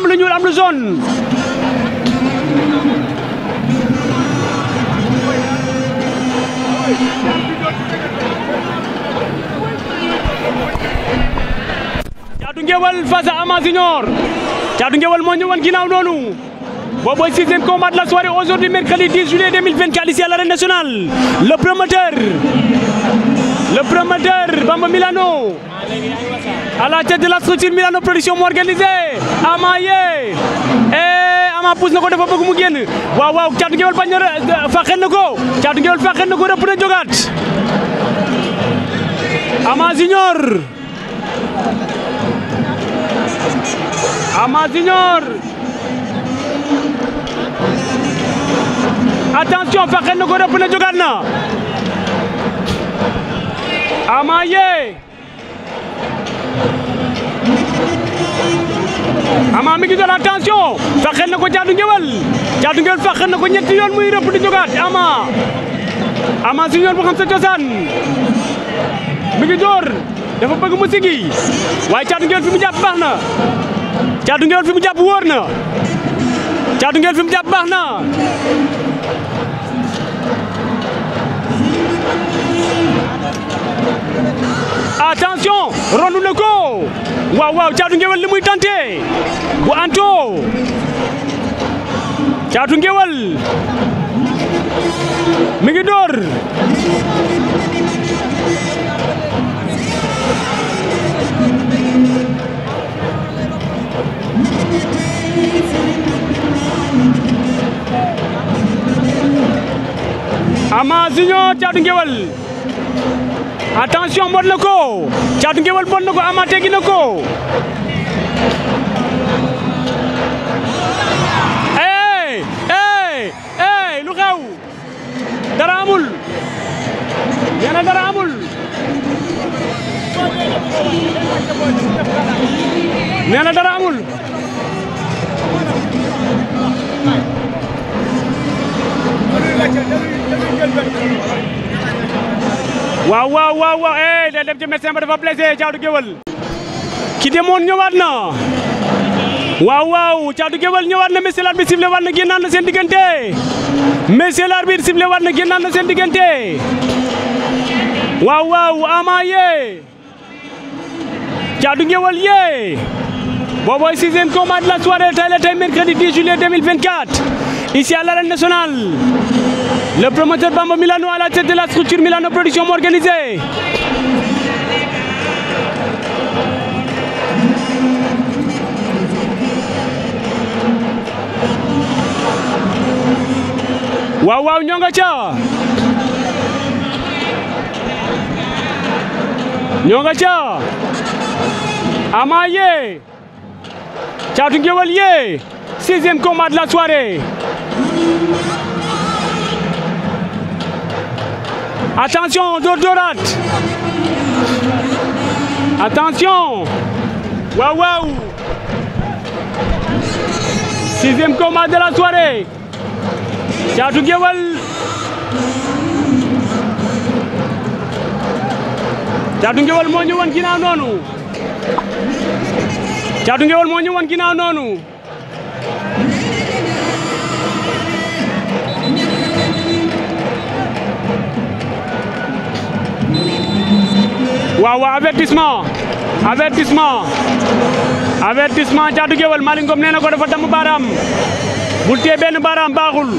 am lu ñuul am lu jaune caatu ngewal face à Ama moo ñëwoon ginnaaw noonu boobu mooy sixième combat de la soirée aujourd'hui mercredi 10 juillet 2024 ici à l'arène le promoteur le promoteur Bamba Milano à la tête de la Milano production mu organisé Ama Yé et eh, Ama pousse na ko dafa bëgg mu génn waaw waaw caatu ngewel bañ ko caatu ngewel fàqen ko rëpp na jógaat Ama Junior Ama Junior attention fàqen na ko rëpp na na Ama Yee Ama mi ngi doon attention fàqal na ko Caatu Ngéwél Caatu Ngéwél fàqal na ko ñetti yoon muy di jógaat Ama Ama si yoon xam sa cosaan mi ngi door dafa bëgg mu sigi waaye Caatu Ngéwél fi mu jàpp baax na Caatu Ngéwél fi mu jàpp wóor na Caatu Ngéwél fi mu jàpp baax na ronu na ko waaw caatu ngewel li muy tante bu anto caatu ngewel mi ngi caatu ngewel attention mbot ko caatu ngéwél mbot ko ama teggi ko ey ey ey lu xew dara amul nee na dara amul nee na dara amul waaw waaw waaw waaw eh day dem ci médecin ba dafa blessé caatu géwal ki demoon ñëwaat na waaw waaw caatu géwal ñëwaat na monsieur l'arbitre sifflé waat na génnaat na seen diggante monsieur l'arbitre sifflé waat na génnaat na seen diggante waaw waaw ama yee caatu géwal yee boobooy sixième combat de la soirée tey la tey mercredi 10 juillet 2024 ici à l'arène nationale Le promoteur Bamba Milano à la tête de la structure Milano Production organisée. Waaw waaw ca. ñoo ca. Ama yee. Caatu Ngéwal yee. Sixième combat de la soirée. Attention, dos droite. Attention. Waouh, waouh. Sixième combat de la soirée. Thiatou moo ñu woon noonu. Thiatou Guéweul moo ñu woon noonu. waaw waaw avertissement avertissement avertissement Caatu Géwël Malick Ngom nee na ko dafa damm baaraam bul tee benn baaraam baaxul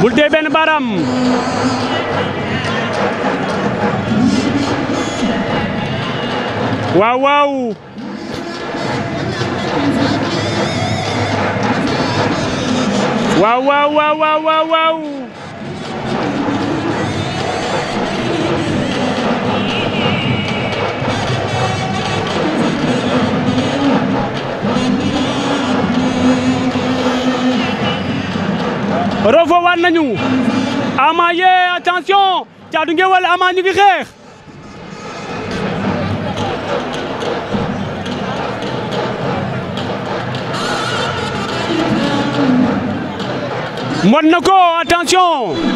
bul tee benn baaraam waaw waaw waaw recevoir nañu Ama yee attention Caatu Ngéwél Ama ñu ngi xeex mën na ko attention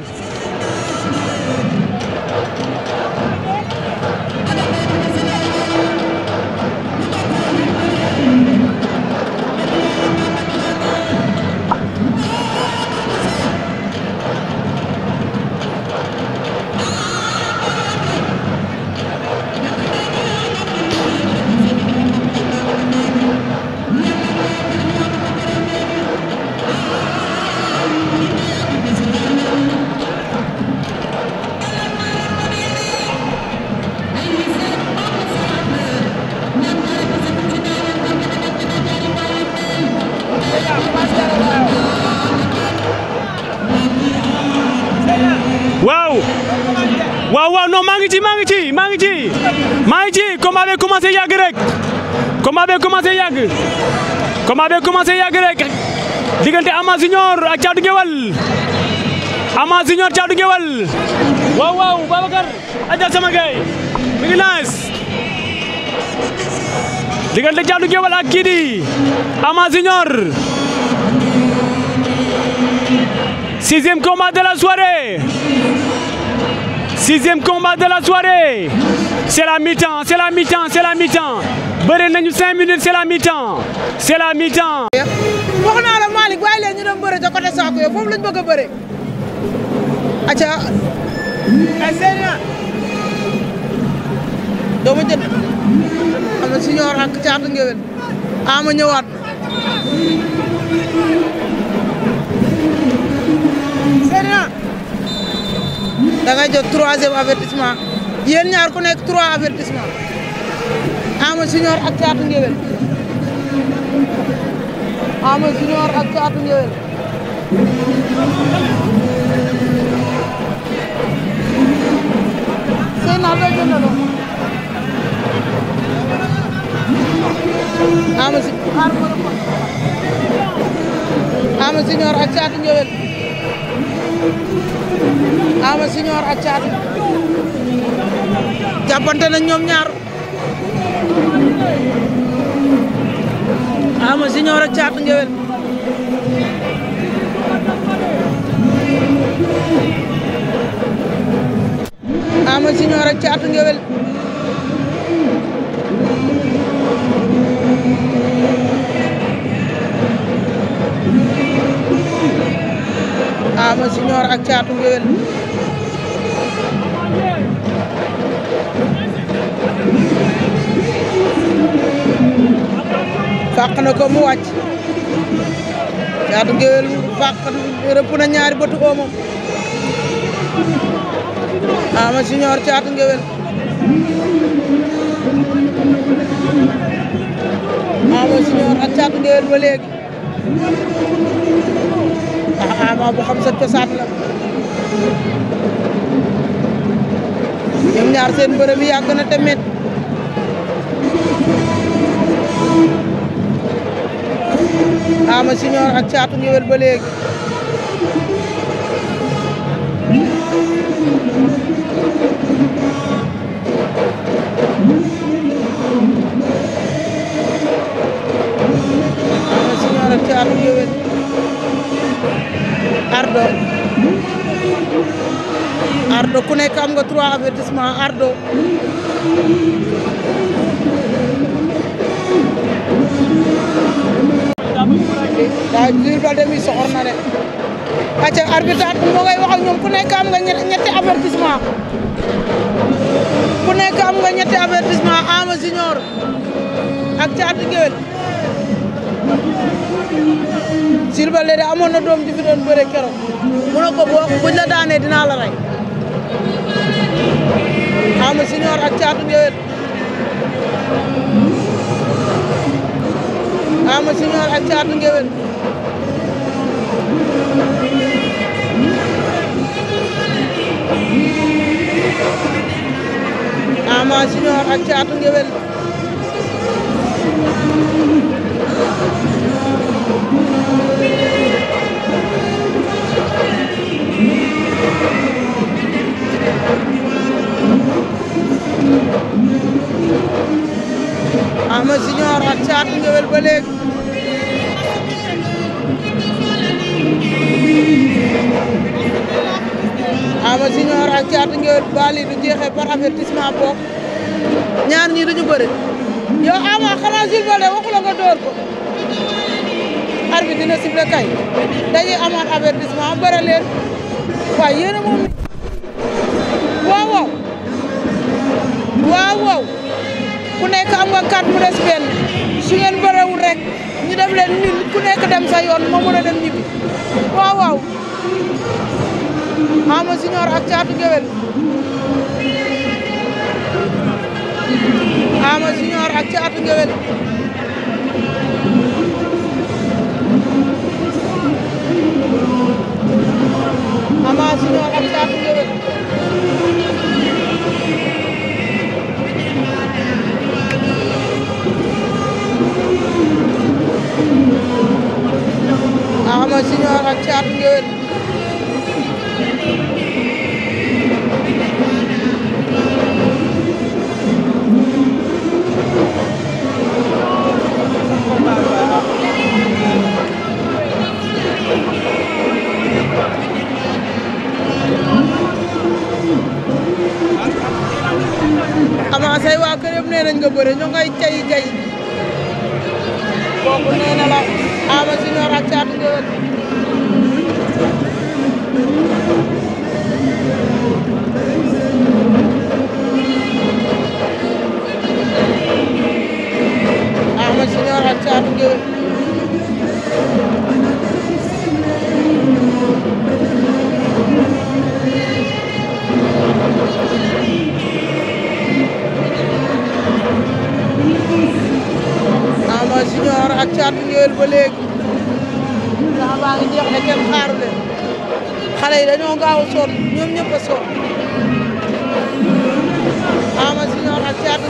ci maa ngi ci maa ngi ci maa ngi ci combat bi commencé yàgg rek combat bi commencé yàgg combat bi commencé yàgg rek diggante Ama Junior ak Thiatou Guewel Ama Junior Thiatou Guewel waaw aja sama gaay mi ngi nice diggante Thiatou ak kii di Ama Junior sixième combat de sixième combat de la soirée c'est la mi-temps c'est la mi-temps c'est la mi nañu cinq minutes c'est la mi-temps c'est la mi-temps. wax naa la Malick waaye leen ñu dem bëre ca côté saako da ngay jot troisième avertissement yéen ñaar ku nekk trois avertissement Ama Junior ak Caatu Ngéwél Ama Junior ak Caatu Ngéwél Ama Senior ak Thiatou jàppante ñoom ñaar Ama Senior ak Thiatou Nguéweul Ama Senghor ak caatu na ko mu wàcc caatu ngéwél fàq rëpp na ñaari bëtu oomam ama senior caatu ngéwél ama senior ak caatu ngéwél ba xaamaa bu xam sa cosaan la ñoom ñaar seen bërëb bi yàgg na tamit ama siñoor ak caatu ngéwél ba léegi Ardo Ardo ku nekk am nga trois avertissement Ardo daa Jules Baldé mi soxor na de acca nga ñetti avertissement ku nekk nga ñetti avertissement Ama Junior ak Thiatou Guewel Jules Baldé de amoon na doom ji fi mu ne ko boo buñ la daanee dinaa la rey ama siñoor caatu ngewet ama siñoor ak caatu ngewet Ama Junior ak Caatu Ngewel ba léegi Ama Ngewel bali du jeexee par avertissement bokk ñaar ñii duñu bëre yow Ama xanaa Jules door ko arbitre dina siffler kay dañuy amoon avertissement bëre leen waaye yéen a moom waaw waaw waaw ku nekk am nga carte mu des benn su ngeen bërewul rek ñu def leen nul ku nekk dem sa yoon moo mën a dem ñibbi waaw waaw Ama Junior ak Caatu Géwél Ama Junior ak Caatu Géwél Ama Junior ak Caatu Ngéwél Ama Ama say waa kër yëpp nee nañ nga bëre ñu ngay cay gay kooku na la Ama Junior ak Caatu Géwél Ama Junior ak Thiatou ba léegi daa baa ngi jeex ne kenn xaaru leen xale yi dañoo gaaw a sonn ñoom ñëpp a Ama Junior ak Thiatou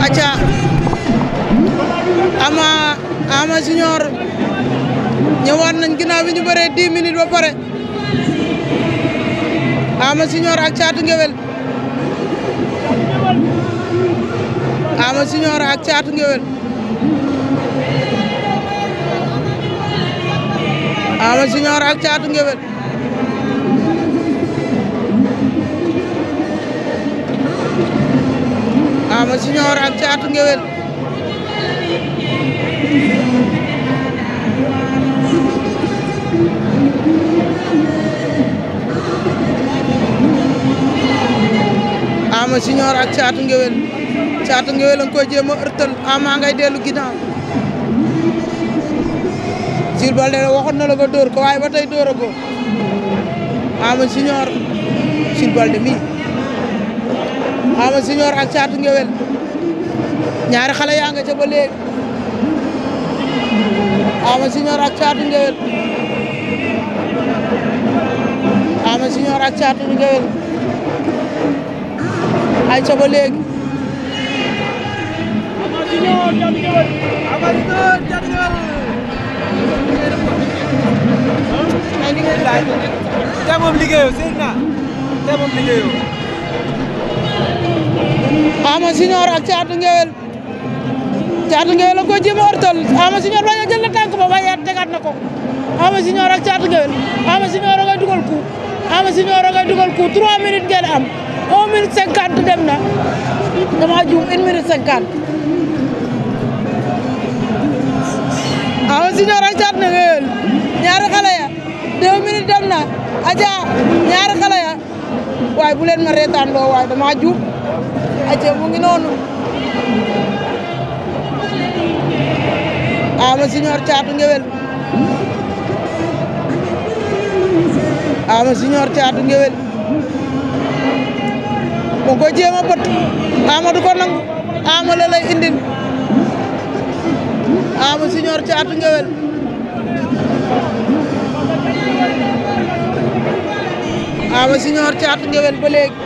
Nguéweul ama Ama Junior ñëwaat nañ ginnaaw bi ñu bare 10 minutes ba pare Ama Siñoor ak Caatu Ngewel Ama Siñoor ak Caatu Ngewel Ama Siñoor ak Caatu Ngewel Ama Junior ak Caatu Ngewel nga koy jéem a Ama ngay dellu ginnaaw Jules Baldé la ba dóor ko waaye ba tey dóor a ko Ama Ama Junior ak Caatu ñaari xale yaa nga ca Ama Junior ak Caatu ay ca ba léegi ay ni ngeen laaj te moom liggéeyoo seen naa te moom liggéeyoo ama siñoor ak caatu ngeel caatu ngeel la ko jéem a ortal ama siñoor bañ a jël na tànk ba waaye tegaat na ko ama siñoor ak caatu ngeel ama siñoor a ngay dugal coup ama siñoor a ngay dugal coup trois minutes ngeen am minute cinquante dem na dama juum une minute cinquante awa ah, siñoor a cat na wéyal ñaari bu leen ma reetaan loo waaye dama juum aja mu ama ah, siñoor caatu ngewel ah, mu ngi koy jéem ama du ko nangu ama la lay ama siñoor caatu ngewel ama siñoor caatu ngewel ba léegi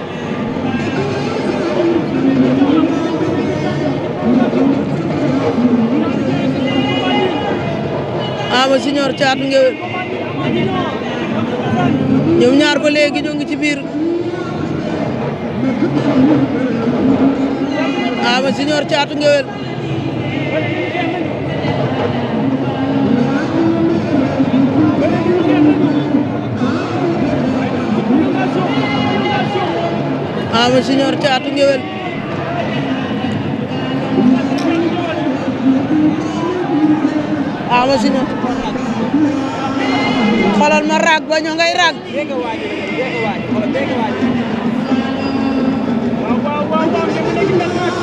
ama siñoor caatu ngewel ñoom ñaar ba léegi ñoo ngi ci biir ama junior caatu ngewel ama junior caatu ngewel ama junior xoolal ma raag ba ñoo ngay raag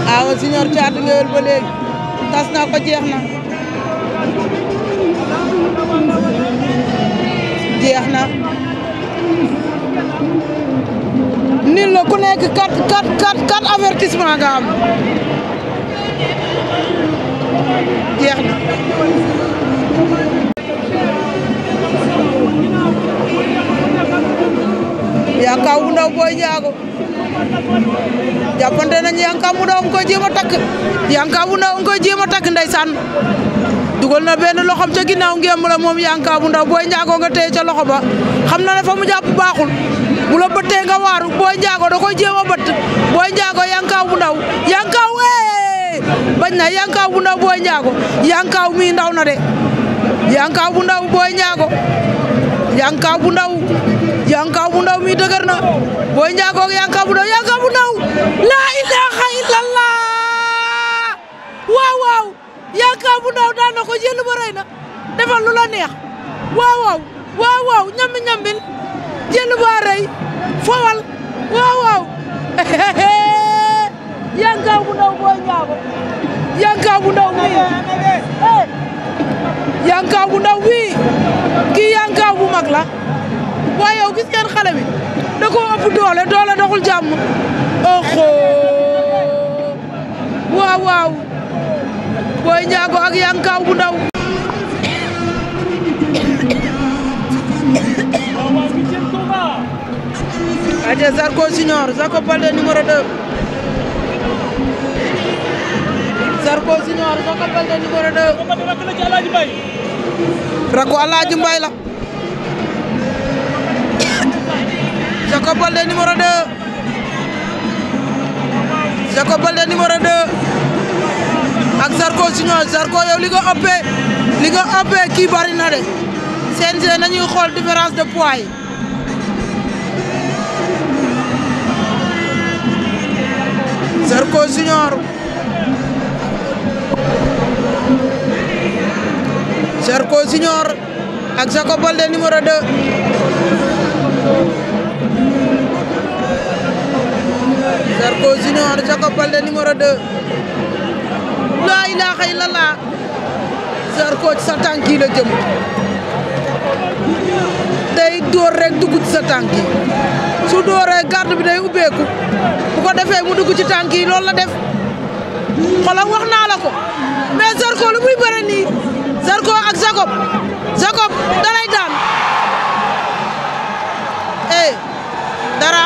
waaw Junior Caatu Ngéwél ba léegi tas na ko jeex na jeex na nil la ku nekk quatre quatre quatre quatre avertissement nga am jeex na yaa kaw bu ndaw jaago jàppante nañu Yankabu Ndaw nga koy jéem a takk Yankabu Ndaw nga koy jéem a takk ndeysaan dugal na benn loxom ca ginnaaw ngéem la moom Yankabu Ndaw Boy nga téye ca loxo ba xam na ne fa mu jàpp baaxul bu la bëttee nga waaru Boy Ndiago da koy jéem a bëtt Boy Ndiago Yankabu Ndaw Yankabu ee bañ na Yankabu na de Yankabu Ndaw Boy Ndiago Yankabu Ndaw yankaw bu ndaw mi na Boy Niang yankaw bu yankaw bu ndaw la ilaha illallah na ko jël ba rëy na la neex waaw waaw waaw waaw ñambi ñambil jël ba fowal waaw waaw yankaw bu ndaw Boy Niang ba yankaw bu ndaw yankaw bu ndaw kii yankaw bu mag la waaye yow gis ngeen xale bi da doole doole doxul jàmm oxo waaw waaw booy njaago ak yankaaw bu ndaw aje Zarko Junior Zarko Baldé numéro 2 Zarko Junior Zarko Baldé numéro 2 rakku Alaaji Mbay la Jacob Baldé numéro 2 Jacob Baldé numéro 2 ak Zarko Junior Zarko yow li nga ëppee li nga ëppee kii bari na de CNG nañuy xool différence de poids yi. Zarko Junior Zarko Junior ak Jacob Baldé numéro 2. Zarko Junior Jacob Baldé numéro 2 laa ilaaha illallah Zarko ci sa tànk yi la jëm day dóor rek dugg ci sa tànk yi su dóoree garde bi day ubbeeku bu ko defee mu dugg ci tànk yi loolu la def xoolal lu muy bëre nii Zarko ak Jacob Jacob dalay daan eh dara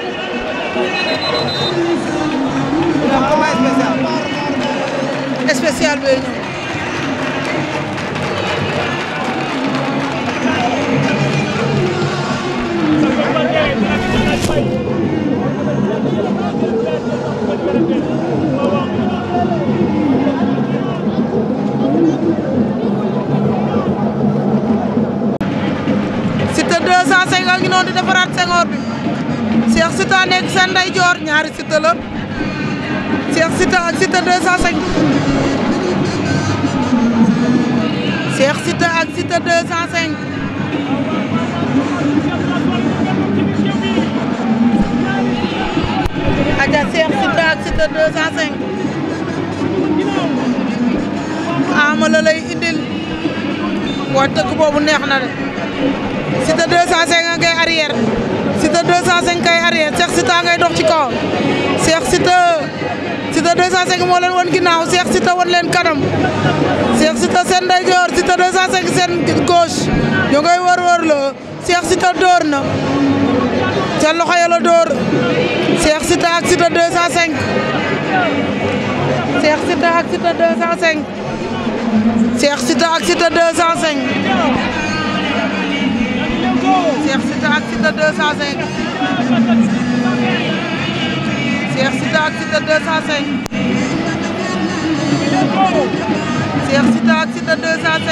spécial bee ñëw Siteu ngi noonu di defaraat Senghor bi Cheikh Sita nekk seen ndeyjoor ñaari Sita la Cheikh Sita ak Sita 205. Cheikh Sita ak Sita 205. Adja Cheikh la lay indil wa tëgg boobu neex na de Sita 205 ngay arrière. Siteu 205 kay arrière Cheikh Siteu ngay dox ci kawam Cheikh Siteu Siteu moo leen won ginnaaw Cheikh leen kanam Cheikh Siteu seen ndeyjoor loxo ya la door Cheikh Siteu ak Siteu 205 Cheikh Siteu Cheikh Siteu ak Siteu 205. Cheikh Siteu ak Siteu 205. Cheikh Siteu ak Siteu 205.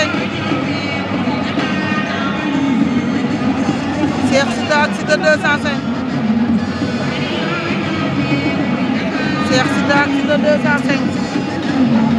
Cheikh Siteu ak Siteu 205. Cheikh Siteu ak Siteu 205.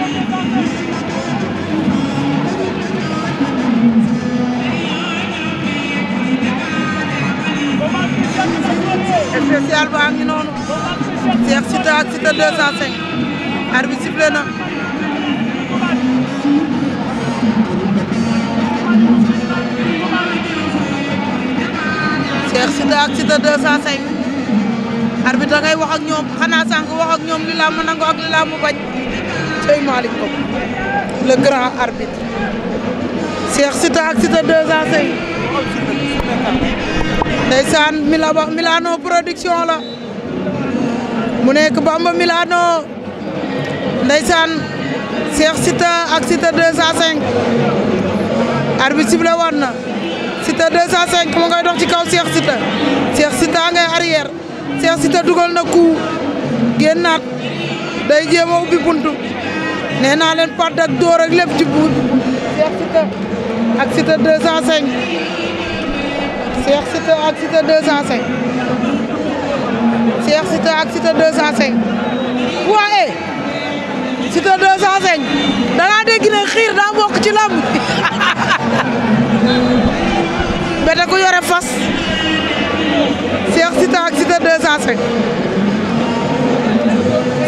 spécial baa ngi noonu Cheikh Siteu ak Siteu 205 arbitre sifflé na Cheikh Siteu ak Siteu 205 arbitre da ngay wax ak ñoom xanaa sànq wax ak ñoom li laa mu nangu ak li laa mu bañ cey Malick Ngom le grand arbitre Cheikh Siteu ak Siteu 205 ndeysaan Milano Milano production la mu nekk Bamba Milano ndeysaan Cheikh Siteu ak Siteu 205 arbitre sifflé woon na Siteu 205 ngay dox ci kaw Cheikh Siteu Cheikh Siteu ngay arrière Cheikh Siteu dugal na coup génnaat day jéem a ubbi buntu nee naa leen pàdd ak dóor ak lépp ci buut Cheikh Siteu ak Siteu 205 Cheikh Siteu ak Siteu 205 Cheikh Siteu ak Siteu 205 waaye eh, Siteu 205 danaa dégg ne xiir daa bokk ci lamb bete ku yore fas Cheikh Siteu ak Siteu 205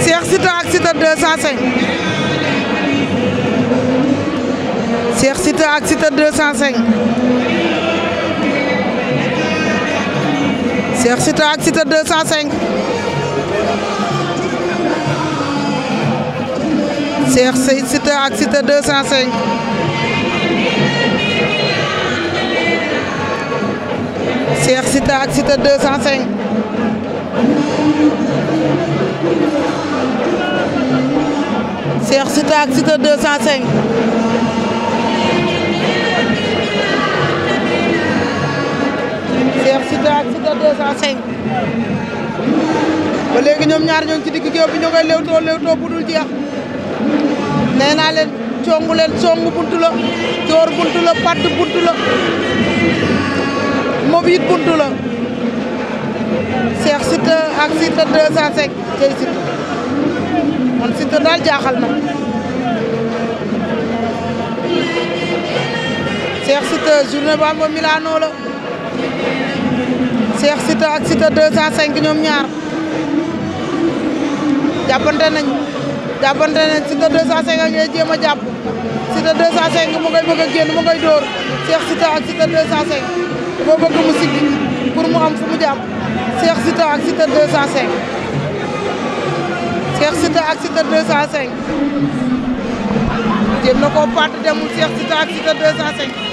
Cheikh Siteu ak Siteu 205 Cheikh Siteu ak Siteu 205 Cheikh Siteu ak Siteu 205 Cheikh Siteu ak Siteu 205 Cheikh Siteu ak Siteu 205 Cheikh Siteu ak Siteu 205 Cheikh Siteu ak Siteu 205 ba léegi ñoom ñaar ñoo ci digg géew bi ñoo koy léewtoo léewtoo bu dul jeex nee naa leen congu leen songu buntu la door buntu la padd buntu la moom it buntu la Cheikh Siteu cey Siteu man Siteu daal jaaxal na Cheikh Siteu journée ba Milano la Cheikh Siteu ak si 205 ñoom ñaar jàppante nañ jàppante nañ Siteu 205 ak ñooy jéem a jàpp Siteu 205 mu ngay bëgg a génn mu ngay dóor Cheikh Siteu ak Siteu 205 boo mu siggi pour mu am fu mu jàpp Cheikh Siteu ak Siteu 205 Cheikh Siteu ak Siteu 205 jéem na koo paat demul Cheikh Siteu ak Siteu 205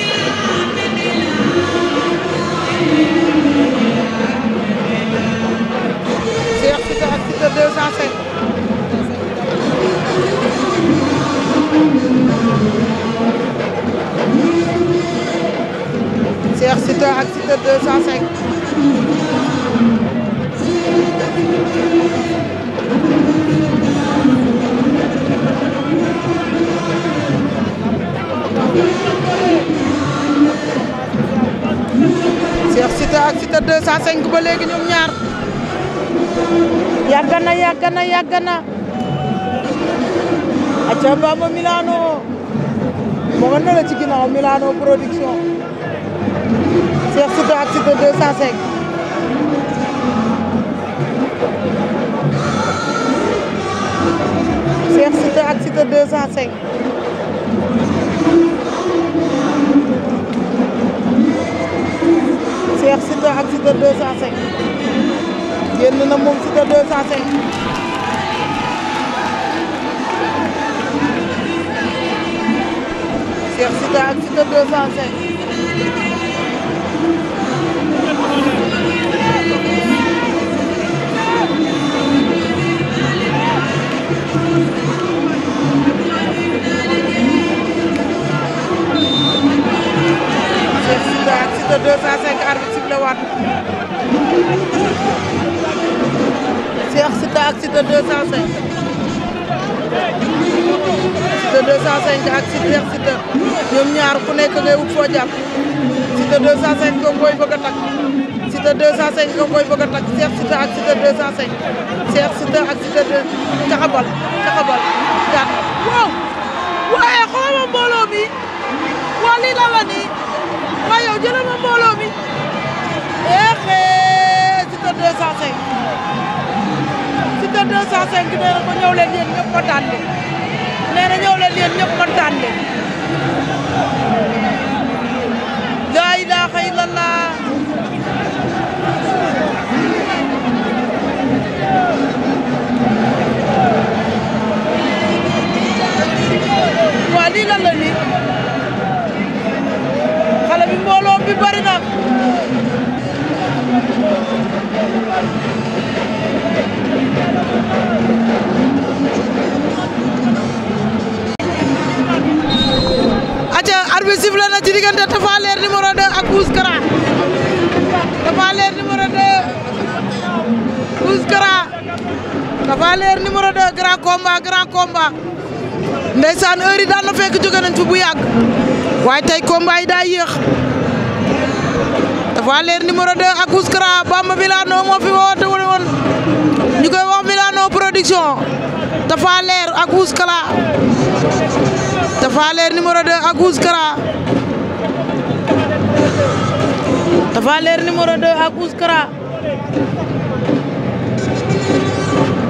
Cheikh Siteu ak Siteu 205. Cheikh Siteu ak Cheikh Siteu ak Siteu 205 ba léegi ñoom ñaar yàgg na yàgg na yàgg na aca Bamba Milano moo nga ne la ci ginnaaw Milano production Cheikh Siteu ak Siteu 205 Cheikh Siteu ak Siteu 205 xeex Siteu ak Siteu 205 génn na moom Siteu 205 xeex Siteu ak Siteu 205 diggante ak Siteu Siteu ñoom ñaar ku nekk ngay wut foo jàpp Siteu 205 nga koy bëgg a takk Siteu 205 nga koy bëgg a takk Cheikh Siteu ak Siteu 205 Cheikh Siteu ak Siteu 2 caxabal caxabal daan waaw waaye xoolal mbooloo mi waa lii la la nii waaye yow jëlal ma mbooloo mi eexee Siteu 205 Siteu 205 nee na ko ñëw leen yéen ñëpp ko daan leen nee na ñëw leen yéen ñëpp kontaan leen laa ilaaha illallah waa lii lan la nii xale bi mbooloo bi bari arbitre sifflé na ci diggante Tapha Leer numéro 2 ak Bouss Kara Tapha Leer numéro 2 Bouss Kara Tapha Leer numéro 2 grand combat grand combat ndeysaan heure yi fekk jóge nañ fi bu waaye tey combat yi daa yéex Tapha Leer numéro 2 ak Bouss Kara Bamba Milano moo fi woote woon ñu koy wax Milano production Tapha Leer ak Bouss Kara Tafaleer numéro 2 ak Ouz Kara Tafaleer numéro 2 ak Ouz Kara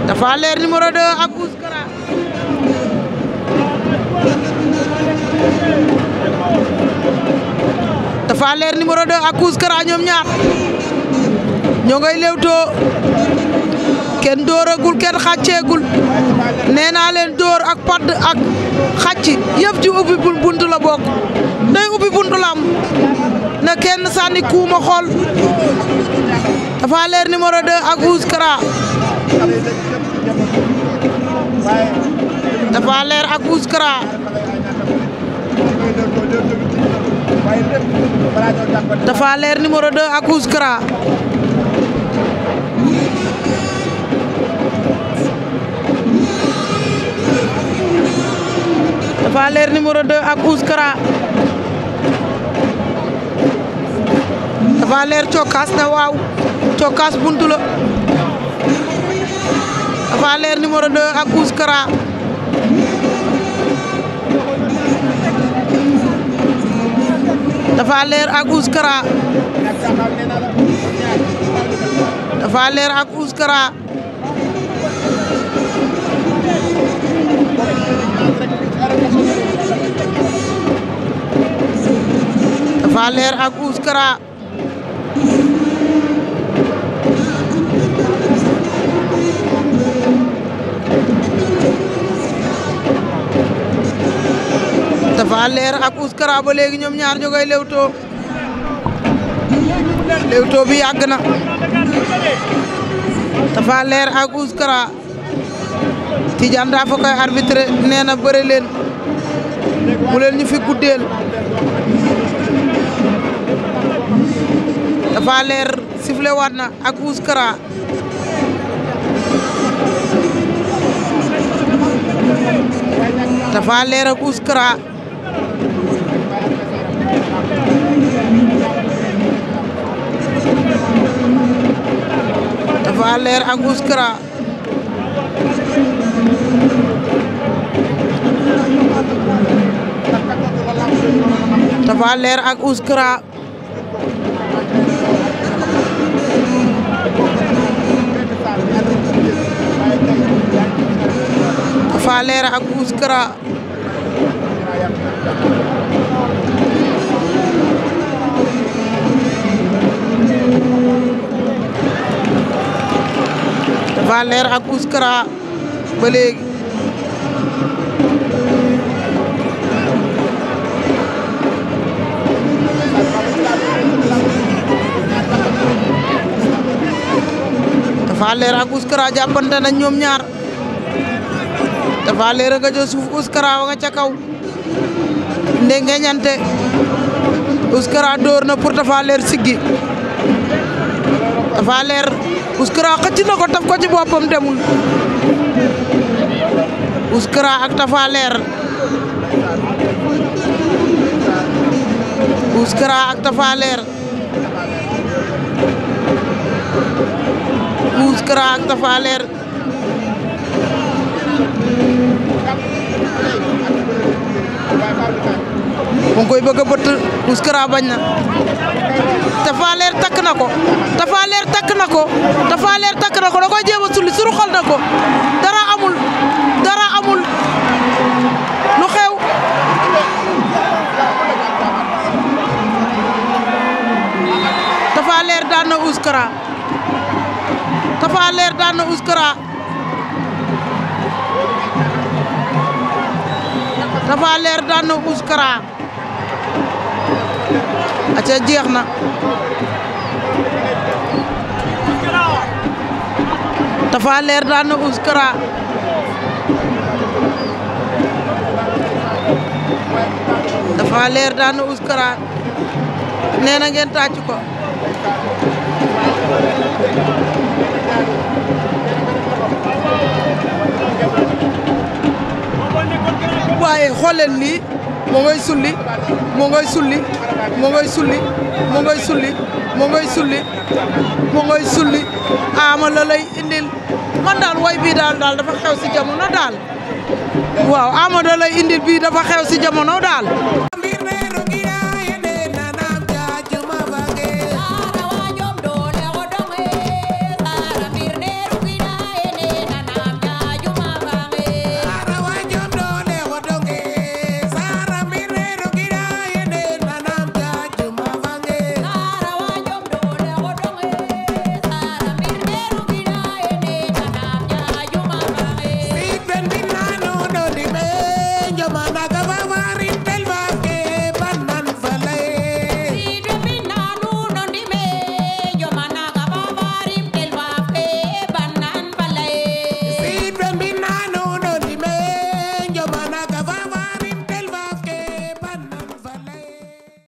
Tafaleer numéro 2 ak Ouz Kara Tafaleer numéro 2 ak Ouz Kara ñoom ñaar ñoo ngay lewtoo kenn dóoragul kenn xàcceegul nee naa leen dóor ak padd ak xàcc yëf ji ubbi buntu la bokk day ubbi buntu la na kenn sànni kuuma xool dafa leer numéro 2 ak Ouz Kara leer ak Ouz Kara dafa leer numéro 2 Tapha Leer numéro 2 ak Ouz Leer cokkaas na waaw cokkaas buntu Leer numéro Leer ak Ouz Kara Aleer ak Ouskara dafa leer ak Ouskara ba léegi ñoom ñaar ñu koy lewtoo lewtoo bi yàgg na dafa leer ak Ouskara Tidiane daa fa koy arbitré nee na bëre leen bu ñu fi guddeel dafa leer sifflé na ak Ouskara dafa leer ak Ouskara dafa leer ak Ouskara dafa leer ak Ouskara Falera ak Ouskara Falera ak Ouskara ba léegi Falera ak Ouskara jàppante nañ ñoom ñaar dafa leer nga ca suuf Ouskara nga ca kaw ndenge ñante Ouskara door na pour dafa leer siggi dafa leer Ouskara xëcc na ko taf ko ci boppam demul Ouskara ak dafa leer ak dafa leer ak dafa leer mu ngi ba bëgg a bëtt bañ na Tapha Leer takk na ko Tapha Leer takk na ko na ko da koy suru xol na ko dara amul dara amul lu xew Tapha Leer daan na Ouskara aca jeex na Tapha Leer daan na Ouskara Tapha Leer daan na Ouskara neena na ngeen tàcc ko waaye xooleen lii moo ngay sulli moo ngay sulli moo ngay sulli moo ngay sulli la lay indil man daal way bii daal daal dafa xew si jamono daal waaw ama la lay indil bii dafa xew si jamono daal